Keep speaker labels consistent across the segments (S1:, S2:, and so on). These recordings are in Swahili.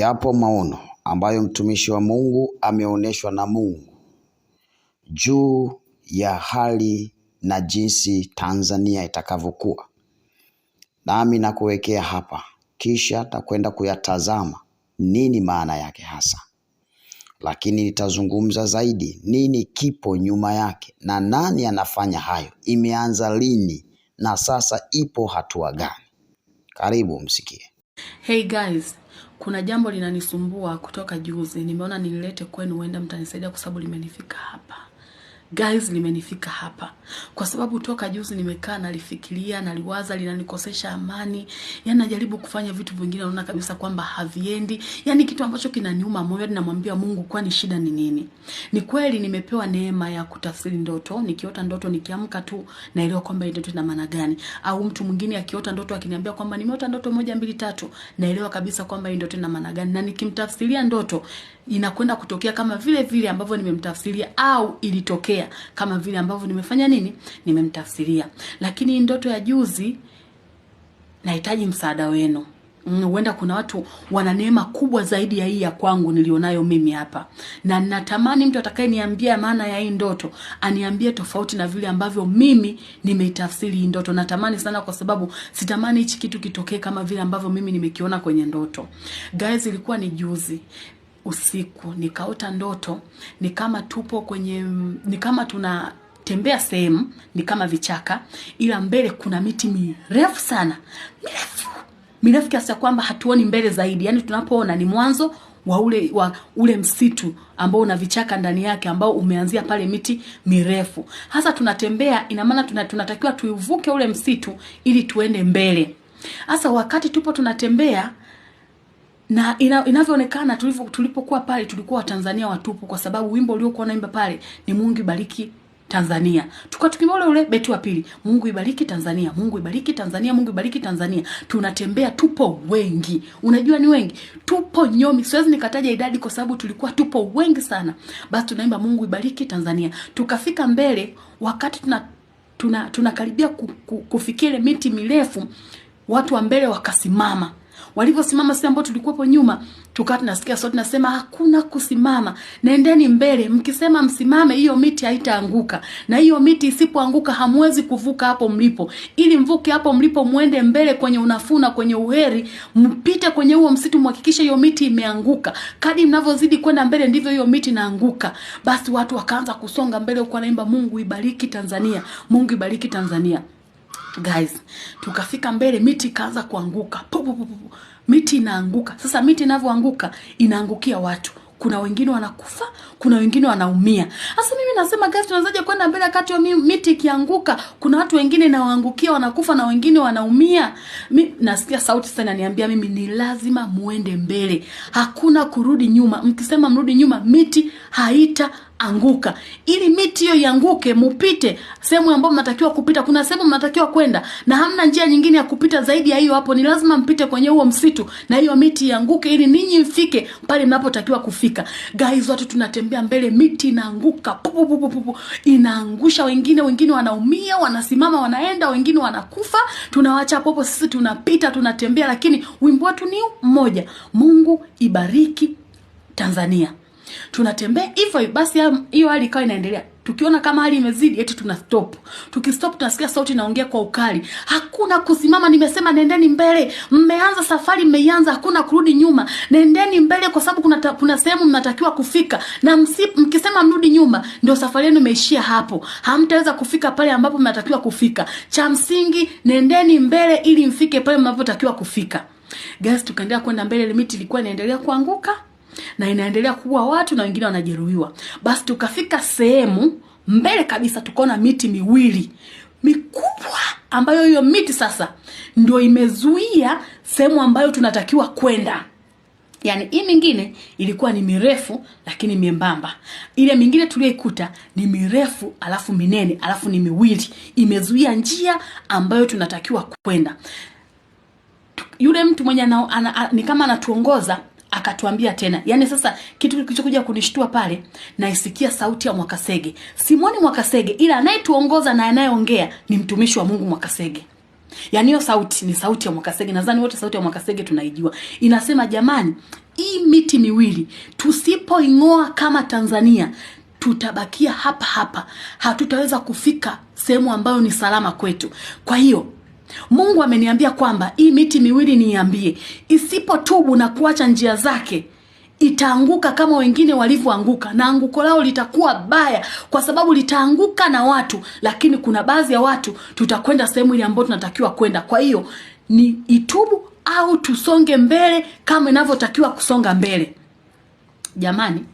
S1: Yapo maono ambayo mtumishi wa Mungu ameonyeshwa na Mungu juu ya hali na jinsi Tanzania itakavyokuwa, nami nakuwekea hapa, kisha takwenda kuyatazama nini maana yake hasa, lakini nitazungumza zaidi nini kipo nyuma yake na nani anafanya hayo, imeanza lini na sasa ipo hatua gani. Karibu msikie.
S2: Hey guys, kuna jambo linanisumbua kutoka juzi, nimeona nililete kwenu, huenda mtanisaidia kwa sababu limenifika hapa. Guys, nimenifika hapa kwa sababu toka juzi nimekaa nalifikiria, naliwaza, linanikosesha amani. Yani najaribu kufanya vitu vingine, naona kabisa kwamba haviendi, yani kitu ambacho kinaniuma moyo. Yaani namwambia Mungu, kwani shida ni nini? Ni kweli nimepewa neema ya kutafsiri ndoto, nikiota ndoto nikiamka tu naelewa kwamba ndoto ina maana gani, au mtu mwingine akiota ndoto akiniambia kwamba nimeota ndoto moja mbili tatu, naelewa kabisa kwamba ndoto ina maana gani, na nikimtafsiria ndoto inakwenda kutokea kama vile vile ambavyo nimemtafsiria au ilitokea kama vile ambavyo nimefanya nini, nimemtafsiria. Lakini ndoto ya juzi, nahitaji msaada wenu mm, huenda kuna watu wana neema kubwa zaidi ya hii ya kwangu nilionayo mimi hapa, na natamani mtu atakayeniambia maana ya hii ndoto aniambie tofauti na vile ambavyo mimi nimeitafsiri hii ndoto. Natamani sana, kwa sababu sitamani hichi kitu kitokee kama vile ambavyo mimi nimekiona kwenye ndoto. Guys, ilikuwa ni juzi usiku nikaota ndoto, ni kama tupo kwenye, ni kama tuna tembea sehemu ni kama vichaka, ila mbele kuna miti mirefu sana, mirefu mirefu kiasi kwamba hatuoni mbele zaidi. Yani tunapoona ni mwanzo wa ule, wa ule msitu ambao una vichaka ndani yake ambao umeanzia pale miti mirefu. Hasa tunatembea, ina maana tuna, tunatakiwa tuivuke ule msitu ili tuende mbele. Hasa wakati tupo tunatembea na ina, inavyoonekana tulipokuwa pale tulikuwa Watanzania watupu, kwa sababu wimbo uliokuwa naimba pale ni Mungu ibariki Tanzania. tukwa tukimba ule ule beti wa pili, Mungu ibariki Tanzania, Mungu ibariki Tanzania, Mungu ibariki Tanzania. Tunatembea tupo wengi, unajua ni wengi, tupo nyomi, siwezi nikataja idadi kwa sababu tulikuwa tupo wengi sana. Basi tunaimba Mungu ibariki Tanzania, tukafika mbele, wakati tuna tunakaribia tuna kufikia ile miti mirefu, watu wa mbele wakasimama waliposimama sisi ambao tulikuwepo nyuma, tukawa tunasikia sauti nasema, hakuna kusimama, nendeni mbele. Mkisema msimame, hiyo miti haitaanguka, na hiyo miti isipoanguka hamwezi kuvuka hapo mlipo. Ili mvuke hapo mlipo, mwende mbele kwenye unafuu na kwenye uheri, mpite kwenye huo msitu, mhakikishe hiyo miti imeanguka. Kadi mnavyozidi kwenda mbele, ndivyo hiyo miti inaanguka. Basi watu wakaanza kusonga mbele, huko anaimba Mungu ibariki Tanzania, Mungu ibariki Tanzania. Guys, tukafika mbele, miti ikaanza kuanguka pupu, pupu. Miti inaanguka sasa. Miti inavyoanguka inaangukia watu, kuna wengine wanakufa, kuna wengine wanaumia. Sasa mimi nasema guys, tunawezaje kwenda mbele ya miti ikianguka? Kuna watu wengine nawaangukia wanakufa na wengine wanaumia. Mi nasikia sauti sana niambia mimi ni lazima muende mbele, hakuna kurudi nyuma. Mkisema mrudi nyuma, miti haita anguka. Ili miti hiyo ianguke, mupite sehemu ambayo mnatakiwa kupita. Kuna sehemu mnatakiwa kwenda na hamna njia nyingine ya kupita zaidi ya hiyo hapo, ni lazima mpite kwenye huo msitu na hiyo miti ianguke, ili ninyi mfike pale mnapotakiwa kufika. Guys, watu tunatembea mbele, miti inaanguka inaangusha wengine, wengine wanaumia, wanasimama, wanaenda, wengine wanakufa, tunawacha popo Sisi tunapita, tunatembea, lakini wimbo wetu ni mmoja: Mungu ibariki Tanzania tunatembea hivyo basi, hiyo hali ikawa inaendelea. Tukiona kama hali imezidi, eti tuna stop. Tukistop tunasikia sauti inaongea kwa ukali, hakuna kusimama. Nimesema nendeni mbele, mmeanza safari, mmeianza, hakuna kurudi nyuma. Nendeni mbele, kwa sababu kuna, kuna sehemu mnatakiwa kufika, na msi, mkisema mrudi nyuma, ndio safari yenu imeishia hapo, hamtaweza kufika pale ambapo mnatakiwa kufika. Cha msingi, nendeni mbele ili mfike pale mnapotakiwa kufika. Gasi tukaendelea kwenda mbele, limiti ilikuwa inaendelea kuanguka na inaendelea kuwa watu na wengine wanajeruhiwa. Basi tukafika sehemu mbele kabisa, tukaona miti miwili mikubwa ambayo hiyo miti sasa ndio imezuia sehemu ambayo tunatakiwa kwenda. Yaani hii mingine ilikuwa ni mirefu lakini miembamba, ile mingine tuliyoikuta ni mirefu alafu minene alafu ni miwili, imezuia njia ambayo tunatakiwa kwenda. Yule mtu mwenye ni kama anatuongoza akatuambia tena. Yaani sasa kitu kilichokuja kunishtua pale, naisikia sauti ya Mwakasege. Simoni Mwakasege, ila anayetuongoza na anayeongea ni mtumishi wa Mungu Mwakasege. Yaani hiyo sauti ni sauti ya Mwakasege. Nadhani wote sauti ya Mwakasege tunaijua. Inasema jamani, hii miti miwili tusipoing'oa kama Tanzania tutabakia hapa hapa, hatutaweza kufika sehemu ambayo ni salama kwetu. Kwa hiyo Mungu ameniambia kwamba hii miti miwili niambie, isipotubu na kuacha njia zake itaanguka kama wengine walivyoanguka, na anguko lao litakuwa baya, kwa sababu litaanguka na watu, lakini kuna baadhi ya watu tutakwenda sehemu ile ambayo tunatakiwa kwenda. Kwa hiyo ni itubu au tusonge mbele kama inavyotakiwa kusonga mbele. Jamani,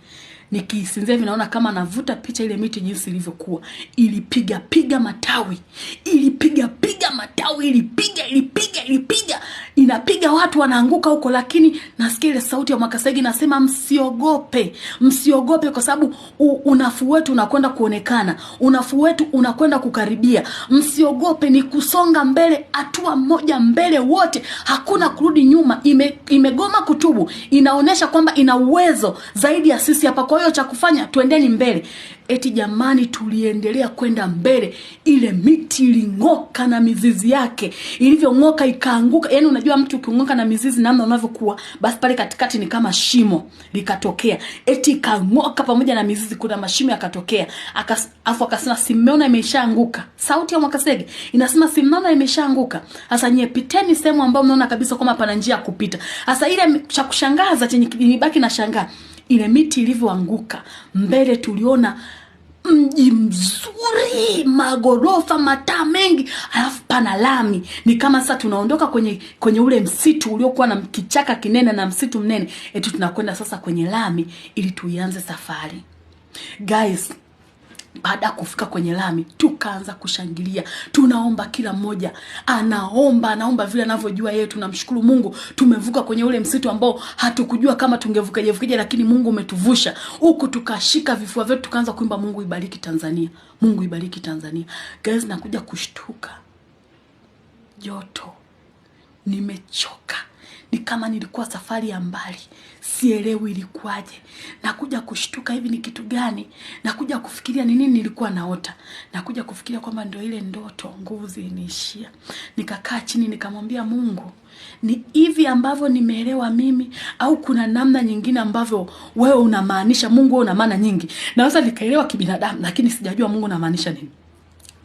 S2: nikisinzia hivi naona kama navuta picha ile miti jinsi ilivyokuwa, ilipiga piga matawi, ilipiga matawi ilipiga ilipiga ilipiga inapiga watu wanaanguka huko, lakini nasikia ile sauti ya Mwakasegi nasema msiogope, msiogope kwa sababu unafuu wetu unakwenda kuonekana, unafuu wetu unakwenda kukaribia. Msiogope, ni kusonga mbele, hatua moja mbele wote, hakuna kurudi nyuma. Ime, imegoma kutubu, inaonyesha kwamba ina uwezo zaidi ya sisi hapa. Kwa hiyo cha kufanya, tuendeni mbele eti jamani, tuliendelea kwenda mbele, ile miti iling'oka na mizizi yake ilivyong'oka ikaanguka. Yani unajua mtu uking'oka na mizizi namna unavyokuwa, basi pale katikati ni kama shimo likatokea, eti ikang'oka pamoja na mizizi, kuna mashimo yakatokea. Afu akasema simeona imeshaanguka. Sauti ya Mwakasege inasema simeona imeshaanguka. Sasa nyie piteni sehemu ambayo mnaona kabisa kama pana njia ya kupita. Sasa ile cha kushangaza chenye kibaki na shangaa ile miti ilivyoanguka mbele, tuliona mji mzuri, magorofa, mataa mengi, alafu pana lami. Ni kama sasa tunaondoka kwenye kwenye ule msitu uliokuwa na kichaka kinene na msitu mnene, eti tunakwenda sasa kwenye lami ili tuianze safari, guys. Baada ya kufika kwenye lami, tukaanza kushangilia, tunaomba, kila mmoja anaomba, anaomba vile anavyojua yeye. Tunamshukuru Mungu, tumevuka kwenye ule msitu ambao hatukujua kama tungevukaje lakini Mungu umetuvusha huku, tukashika vifua vyetu, tukaanza kuimba, Mungu ibariki Tanzania, Mungu ibariki Tanzania. Guys, nakuja kushtuka, joto, nimechoka ni kama nilikuwa safari ya mbali, sielewi ilikuwaje. Nakuja kushtuka hivi ni kitu gani? Nakuja kufikiria ni nini nilikuwa naota, nakuja kufikiria kwamba ndio ile ndoto, nguvu ziliniishia. Nikakaa chini nikamwambia Mungu, ni hivi ambavyo nimeelewa mimi au kuna namna nyingine ambavyo wewe unamaanisha? Mungu, wewe una maana nyingi, naweza nikaelewa kibinadamu, lakini sijajua Mungu unamaanisha nini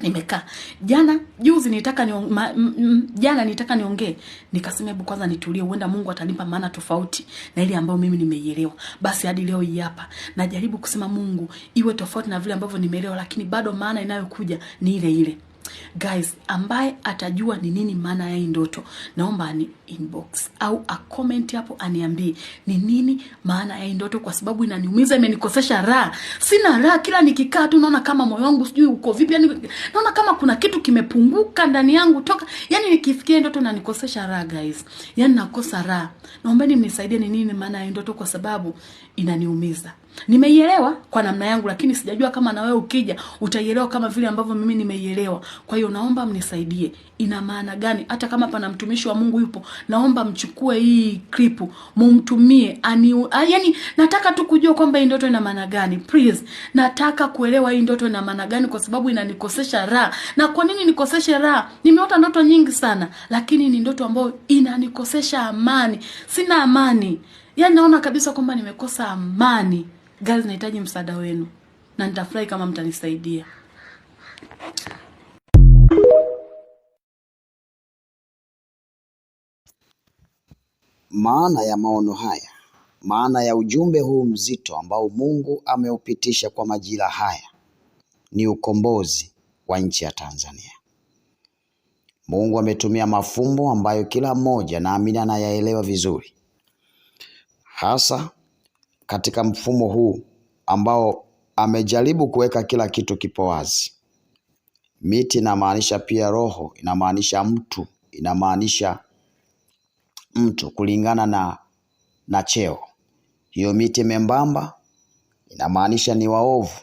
S2: nimekaa jana juzi, nitaka ni ma, m, m, jana nitaka niongee, nikasema hebu kwanza nitulie, huenda Mungu atanipa maana tofauti na ile ambayo mimi nimeielewa. Basi hadi leo hii hapa najaribu kusema Mungu, iwe tofauti na vile ambavyo nimeelewa, lakini bado maana inayokuja ni ile ile. Guys, ambaye atajua ni nini maana ya hii ndoto, naomba ni inbox au a comment hapo aniambie ni nini maana ya hii ndoto, kwa sababu inaniumiza, imenikosesha raha. Sina raha, kila nikikaa tu naona kama moyo wangu sijui uko vipi, yani naona kama kuna kitu kimepunguka ndani yangu toka, yani nikifikia ndoto na nikosesha raha guys, yani nakosa raha. Naombeni mnisaidie ni nini maana ya hii ndoto, kwa sababu inaniumiza. Nimeielewa kwa namna yangu, lakini sijajua kama na wewe ukija utaielewa kama vile ambavyo mimi nimeielewa. Kwa hiyo naomba mnisaidie, ina maana gani? Hata kama pana mtumishi wa Mungu yupo, naomba mchukue hii clip mumtumie ani, yani nataka tu kujua kwamba hii ndoto ina maana gani. Please, nataka kuelewa hii ndoto ina maana gani, kwa sababu inanikosesha raha. Na kwa nini nikoseshe raha? Nimeota ndoto nyingi sana, lakini ni ndoto ambayo inanikosesha amani. Sina amani, yani naona kabisa kwamba nimekosa amani. Guys, nahitaji msaada wenu na nitafurahi kama mtanisaidia.
S1: Maana ya maono haya, maana ya ujumbe huu mzito ambao Mungu ameupitisha kwa majira haya ni ukombozi wa nchi ya Tanzania. Mungu ametumia mafumbo ambayo kila mmoja naamini anayaelewa vizuri, hasa katika mfumo huu ambao amejaribu kuweka kila kitu kipo wazi. Miti inamaanisha pia roho, inamaanisha mtu, inamaanisha mtu kulingana na, na cheo. Hiyo miti membamba inamaanisha ni waovu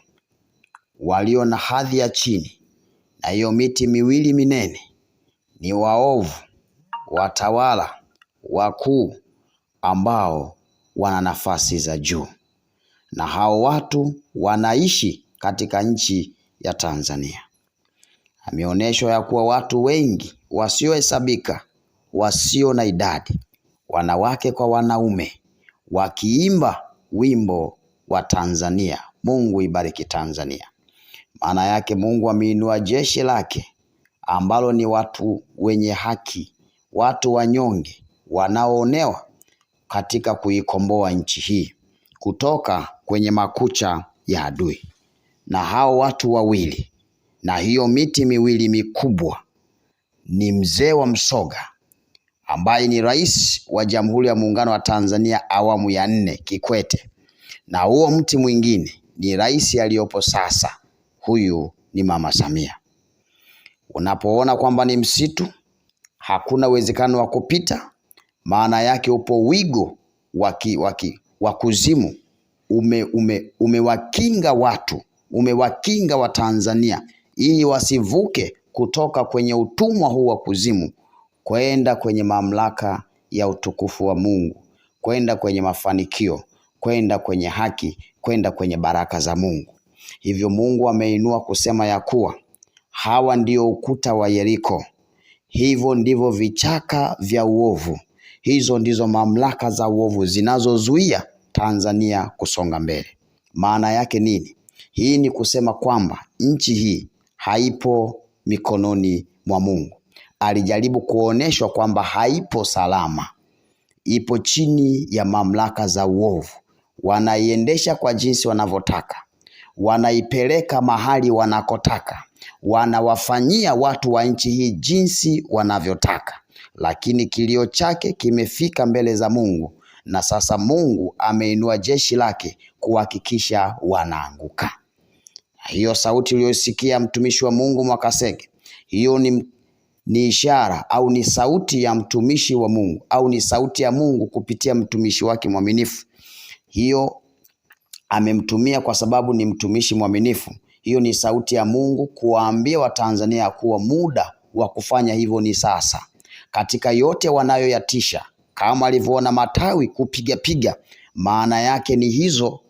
S1: walio na hadhi ya chini, na hiyo miti miwili minene ni waovu, watawala wakuu ambao wana nafasi za juu, na hao watu wanaishi katika nchi ya Tanzania. Ameonyeshwa ya kuwa watu wengi wasiohesabika, wasio na idadi, wanawake kwa wanaume, wakiimba wimbo wa Tanzania, Mungu ibariki Tanzania. Maana yake Mungu ameinua jeshi lake ambalo ni watu wenye haki, watu wanyonge, wanaoonewa katika kuikomboa nchi hii kutoka kwenye makucha ya adui. Na hao watu wawili na hiyo miti miwili mikubwa ni mzee wa Msoga ambaye ni rais wa Jamhuri ya Muungano wa Tanzania awamu ya nne Kikwete, na huo mti mwingine ni rais aliyopo sasa, huyu ni Mama Samia. Unapoona kwamba ni msitu, hakuna uwezekano wa kupita, maana yake upo wigo wa kuzimu ume, ume, umewakinga watu umewakinga Watanzania ili wasivuke kutoka kwenye utumwa huu wa kuzimu kwenda kwenye mamlaka ya utukufu wa Mungu, kwenda kwenye mafanikio, kwenda kwenye haki, kwenda kwenye baraka za Mungu. Hivyo Mungu ameinua kusema ya kuwa hawa ndio ukuta wa Yeriko, hivyo ndivyo vichaka vya uovu Hizo ndizo mamlaka za uovu zinazozuia Tanzania kusonga mbele. Maana yake nini? Hii ni kusema kwamba nchi hii haipo mikononi mwa Mungu. Alijaribu kuonyeshwa kwamba haipo salama, ipo chini ya mamlaka za uovu. Wanaiendesha kwa jinsi wanavyotaka, wanaipeleka mahali wanakotaka, wanawafanyia watu wa nchi hii jinsi wanavyotaka lakini kilio chake kimefika mbele za Mungu, na sasa Mungu ameinua jeshi lake kuhakikisha wanaanguka. Hiyo sauti uliyosikia mtumishi wa Mungu Mwakasege, hiyo ni, ni ishara au ni sauti ya mtumishi wa Mungu au ni sauti ya Mungu kupitia mtumishi wake mwaminifu. Hiyo amemtumia kwa sababu ni mtumishi mwaminifu. Hiyo ni sauti ya Mungu kuwaambia Watanzania kuwa muda wa kufanya hivyo ni sasa katika yote wanayoyatisha, kama alivyoona matawi kupigapiga. Maana yake ni hizo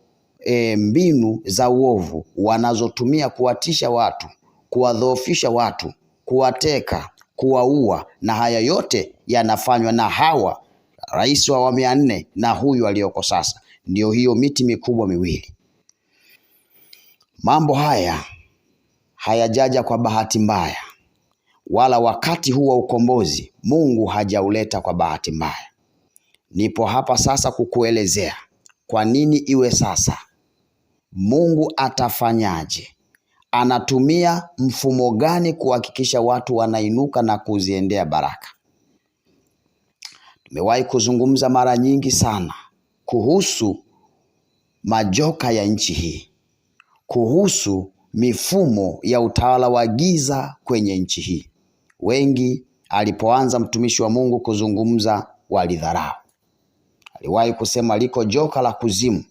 S1: e, mbinu za uovu wanazotumia kuwatisha watu, kuwadhoofisha watu, kuwateka, kuwaua, na haya yote yanafanywa na hawa rais wa awamu ya nne na huyu aliyoko sasa. Ndiyo hiyo miti mikubwa miwili. Mambo haya hayajaja kwa bahati mbaya wala wakati huu wa ukombozi Mungu hajauleta kwa bahati mbaya. Nipo hapa sasa kukuelezea kwa nini iwe sasa. Mungu atafanyaje? Anatumia mfumo gani kuhakikisha watu wanainuka na kuziendea baraka? tumewahi kuzungumza mara nyingi sana kuhusu majoka ya nchi hii, kuhusu mifumo ya utawala wa giza kwenye nchi hii. Wengi alipoanza mtumishi wa Mungu kuzungumza walidharau. Aliwahi kusema liko joka la kuzimu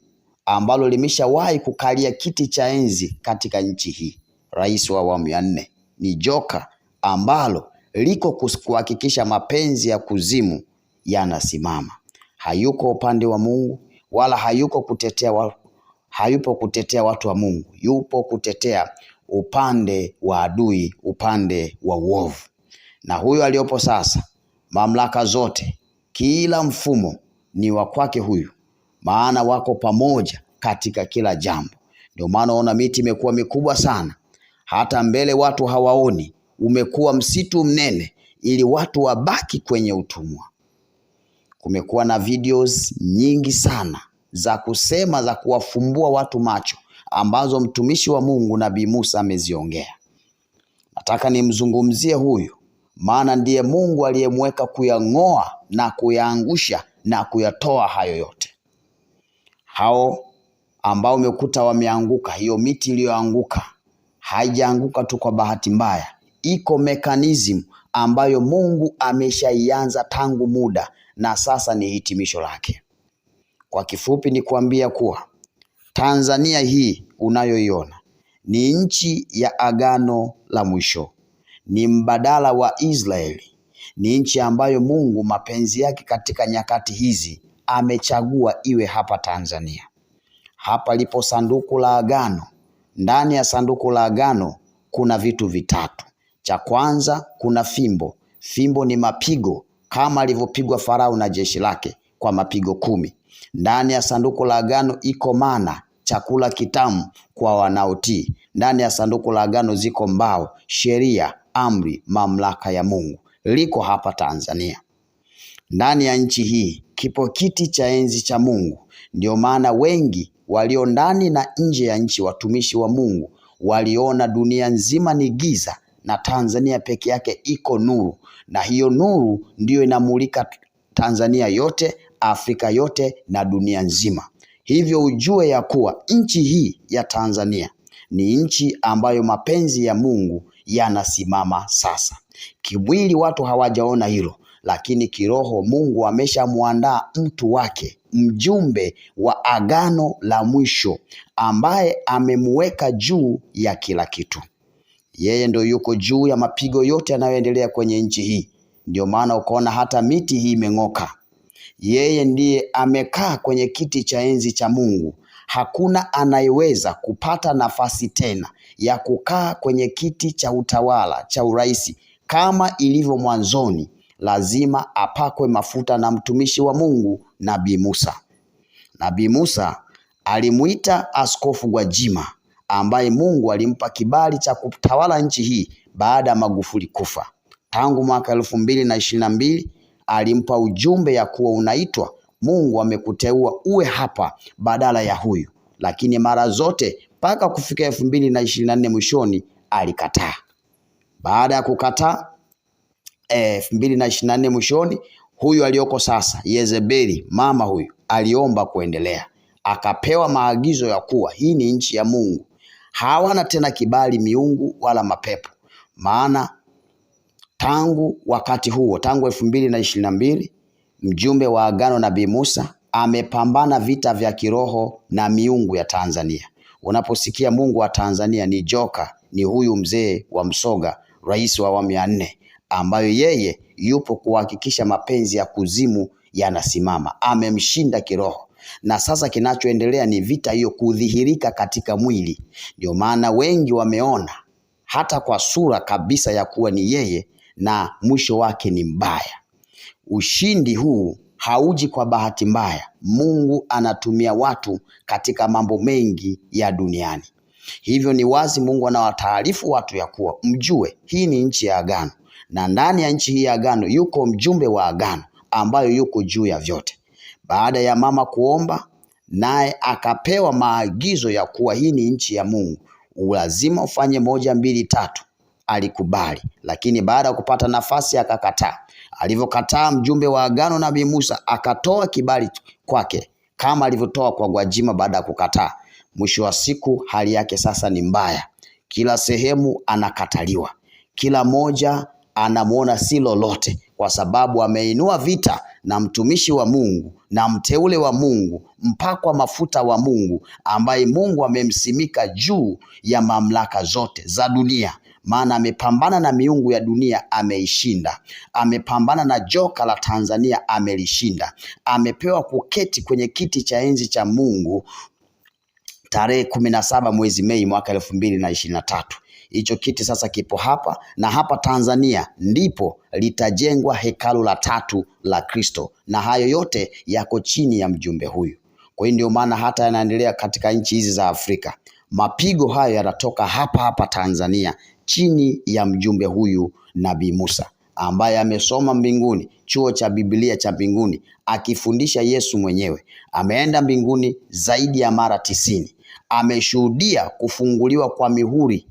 S1: ambalo limeshawahi kukalia kiti cha enzi katika nchi hii. Rais wa awamu ya nne ni joka ambalo liko kuhakikisha mapenzi ya kuzimu yanasimama. Hayuko upande wa Mungu wala hayuko kutetea wa, hayupo kutetea watu wa Mungu, yupo kutetea upande wa adui, upande wa uovu na huyo aliyopo sasa, mamlaka zote, kila mfumo ni wa kwake huyu, maana wako pamoja katika kila jambo. Ndio maana unaona miti imekuwa mikubwa sana, hata mbele watu hawaoni, umekuwa msitu mnene, ili watu wabaki kwenye utumwa. Kumekuwa na videos nyingi sana za kusema za kuwafumbua watu macho ambazo mtumishi wa Mungu Nabii Musa ameziongea. Nataka nimzungumzie huyu maana ndiye Mungu aliyemweka kuyang'oa na kuyaangusha na kuyatoa hayo yote. Hao ambao umekuta wameanguka, hiyo miti iliyoanguka haijaanguka tu kwa bahati mbaya, iko mekanizimu ambayo Mungu ameshaianza tangu muda, na sasa ni hitimisho lake. Kwa kifupi, ni kuambia kuwa Tanzania hii unayoiona ni nchi ya agano la mwisho ni mbadala wa Israeli, ni nchi ambayo Mungu mapenzi yake katika nyakati hizi amechagua iwe hapa Tanzania. Hapa lipo sanduku la agano. Ndani ya sanduku la agano kuna vitu vitatu. Cha kwanza kuna fimbo. Fimbo ni mapigo kama alivyopigwa Farao na jeshi lake kwa mapigo kumi. Ndani ya sanduku la agano iko mana, chakula kitamu kwa wanaotii. Ndani ya sanduku la agano ziko mbao, sheria, amri, mamlaka ya Mungu liko hapa Tanzania. Ndani ya nchi hii kipo kiti cha enzi cha Mungu. Ndio maana wengi walio ndani na nje ya nchi, watumishi wa Mungu, waliona dunia nzima ni giza na Tanzania peke yake iko nuru, na hiyo nuru ndiyo inamulika Tanzania yote, Afrika yote na dunia nzima. Hivyo ujue ya kuwa nchi hii ya Tanzania ni nchi ambayo mapenzi ya Mungu yanasimama sasa. Kimwili watu hawajaona hilo, lakini kiroho Mungu ameshamwandaa mtu wake, mjumbe wa agano la mwisho ambaye amemweka juu ya kila kitu. Yeye ndio yuko juu ya mapigo yote yanayoendelea kwenye nchi hii. Ndio maana ukaona hata miti hii imeng'oka. Yeye ndiye amekaa kwenye kiti cha enzi cha Mungu hakuna anayeweza kupata nafasi tena ya kukaa kwenye kiti cha utawala cha urais kama ilivyo mwanzoni. Lazima apakwe mafuta na mtumishi wa Mungu Nabii Musa. Nabii Musa alimwita Askofu Gwajima ambaye Mungu alimpa kibali cha kutawala nchi hii baada ya Magufuli kufa. Tangu mwaka elfu mbili na ishirini na mbili alimpa ujumbe ya kuwa unaitwa Mungu amekuteua uwe hapa badala ya huyu, lakini mara zote mpaka kufika elfu mbili na ishirini na nne mwishoni alikataa. Baada ya kukataa elfu mbili na ishirini na nne mwishoni, huyu aliyoko sasa Yezebeli, mama huyu aliomba kuendelea, akapewa maagizo ya kuwa hii ni nchi ya Mungu, hawana tena kibali miungu wala mapepo, maana tangu wakati huo tangu elfu mbili na ishirini na mbili mjumbe wa agano Nabii Musa amepambana vita vya kiroho na miungu ya Tanzania. Unaposikia mungu wa Tanzania ni joka, ni huyu mzee wa Msoga, rais wa awamu ya nne, ambayo yeye yupo kuhakikisha mapenzi ya kuzimu yanasimama. Amemshinda kiroho, na sasa kinachoendelea ni vita hiyo kudhihirika katika mwili. Ndio maana wengi wameona hata kwa sura kabisa ya kuwa ni yeye, na mwisho wake ni mbaya. Ushindi huu hauji kwa bahati mbaya. Mungu anatumia watu katika mambo mengi ya duniani. Hivyo ni wazi Mungu anawataarifu watu ya kuwa mjue hii ni nchi ya agano, na ndani ya nchi hii ya agano yuko mjumbe wa agano ambayo yuko juu ya vyote. Baada ya mama kuomba, naye akapewa maagizo ya kuwa hii ni nchi ya Mungu, lazima ufanye moja, mbili, tatu. Alikubali, lakini baada ya kupata nafasi akakataa alivyokataa mjumbe wa agano Nabii Musa, akatoa kibali kwake kama alivyotoa kwa Gwajima baada ya kukataa. Mwisho wa siku hali yake sasa ni mbaya, kila sehemu anakataliwa, kila moja anamwona si lolote, kwa sababu ameinua vita na mtumishi wa Mungu na mteule wa Mungu, mpakwa mafuta wa Mungu, ambaye Mungu amemsimika juu ya mamlaka zote za dunia maana amepambana na miungu ya dunia ameishinda, amepambana na joka la Tanzania amelishinda, amepewa kuketi kwenye kiti cha enzi cha Mungu tarehe kumi na saba mwezi Mei mwaka elfu mbili na ishirini na tatu. Hicho kiti sasa kipo hapa na hapa Tanzania ndipo litajengwa hekalu la tatu la Kristo, na hayo yote yako chini ya mjumbe huyu. Kwa hiyo ndio maana hata yanaendelea katika nchi hizi za Afrika, mapigo hayo yanatoka hapa hapa Tanzania chini ya mjumbe huyu Nabii Musa ambaye amesoma mbinguni, chuo cha Biblia cha mbinguni, akifundisha Yesu mwenyewe. Ameenda mbinguni zaidi ya mara tisini, ameshuhudia kufunguliwa kwa mihuri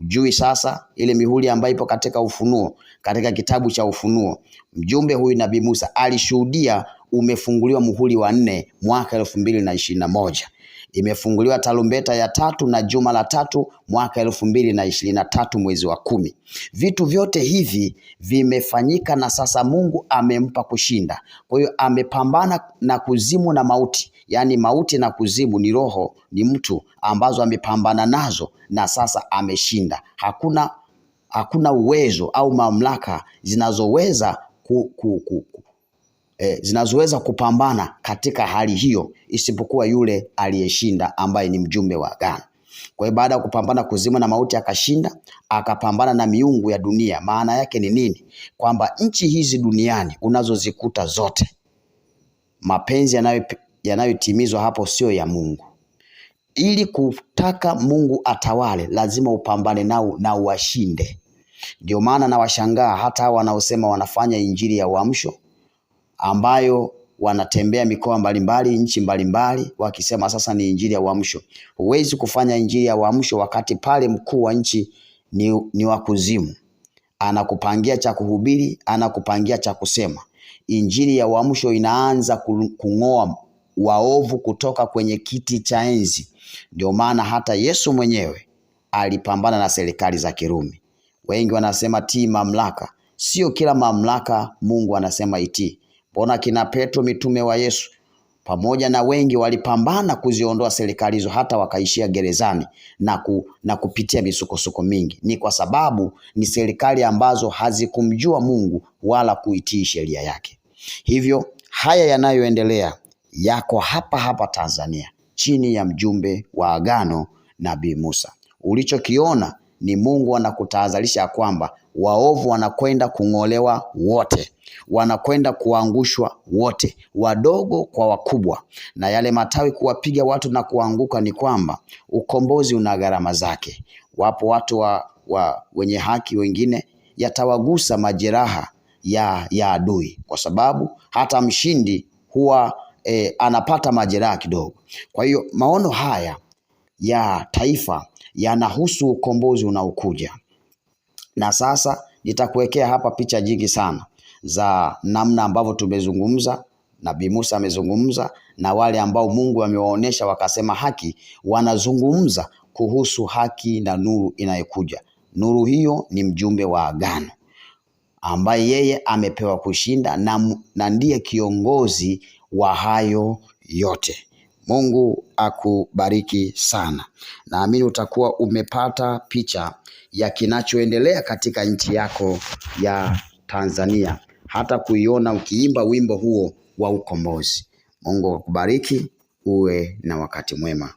S1: jui sasa, ile mihuri ambayo ipo katika Ufunuo, katika kitabu cha Ufunuo, mjumbe huyu Nabii Musa alishuhudia umefunguliwa muhuri wa nne mwaka elfu mbili na ishirini na moja imefunguliwa tarumbeta ya tatu na juma la tatu mwaka elfu mbili na ishirini na tatu mwezi wa kumi. Vitu vyote hivi vimefanyika na sasa Mungu amempa kushinda. Kwa hiyo amepambana na kuzimu na mauti, yaani mauti na kuzimu ni roho, ni mtu ambazo amepambana nazo na sasa ameshinda. Hakuna hakuna uwezo au mamlaka zinazoweza ku, ku, ku, eh, zinazoweza kupambana katika hali hiyo isipokuwa yule aliyeshinda ambaye ni mjumbe wa agano. Kwa hiyo baada ya kupambana kuzimu na mauti akashinda, akapambana na miungu ya dunia. Maana yake ni nini? Kwamba nchi hizi duniani unazozikuta zote, mapenzi yanayotimizwa ya hapo sio ya Mungu. Ili kutaka Mungu atawale, lazima upambane nao na uwashinde. Ndio maana nawashangaa hata hao wanaosema wanafanya injili ya uamsho, ambayo wanatembea mikoa mbalimbali, nchi mbalimbali, wakisema sasa ni injili ya uamsho. Huwezi kufanya injili ya uamsho wakati pale mkuu wa nchi ni, ni wa kuzimu, anakupangia cha kuhubiri, anakupangia cha kusema. Injili ya uamsho inaanza kung'oa waovu kutoka kwenye kiti cha enzi. Ndio maana hata Yesu mwenyewe alipambana na serikali za Kirumi. Wengi wanasema tii mamlaka, sio kila mamlaka Mungu anasema itii. Mbona kina Petro mitume wa Yesu pamoja na wengi walipambana kuziondoa serikali hizo hata wakaishia gerezani na, ku, na kupitia misukosuko mingi. Ni kwa sababu ni serikali ambazo hazikumjua Mungu wala kuitii sheria yake. Hivyo haya yanayoendelea yako hapa hapa Tanzania chini ya mjumbe wa agano Nabii Musa. Ulichokiona ni Mungu anakutahadharisha ya kwamba waovu wanakwenda kung'olewa wote wanakwenda kuangushwa wote, wadogo kwa wakubwa, na yale matawi kuwapiga watu na kuanguka, ni kwamba ukombozi una gharama zake. Wapo watu wa, wa wenye haki wengine yatawagusa majeraha ya, ya adui, kwa sababu hata mshindi huwa e, anapata majeraha kidogo. Kwa hiyo maono haya ya taifa yanahusu ukombozi unaokuja, na sasa nitakuwekea hapa picha nyingi sana za namna ambavyo tumezungumza Nabii Musa amezungumza na wale ambao Mungu amewaonyesha wakasema haki, wanazungumza kuhusu haki na nuru inayokuja. Nuru hiyo ni mjumbe wa agano ambaye yeye amepewa kushinda na, na ndiye kiongozi wa hayo yote. Mungu akubariki sana. Naamini utakuwa umepata picha ya kinachoendelea katika nchi yako ya Tanzania hata kuiona ukiimba wimbo huo wa ukombozi. Mungu akubariki, uwe na wakati mwema.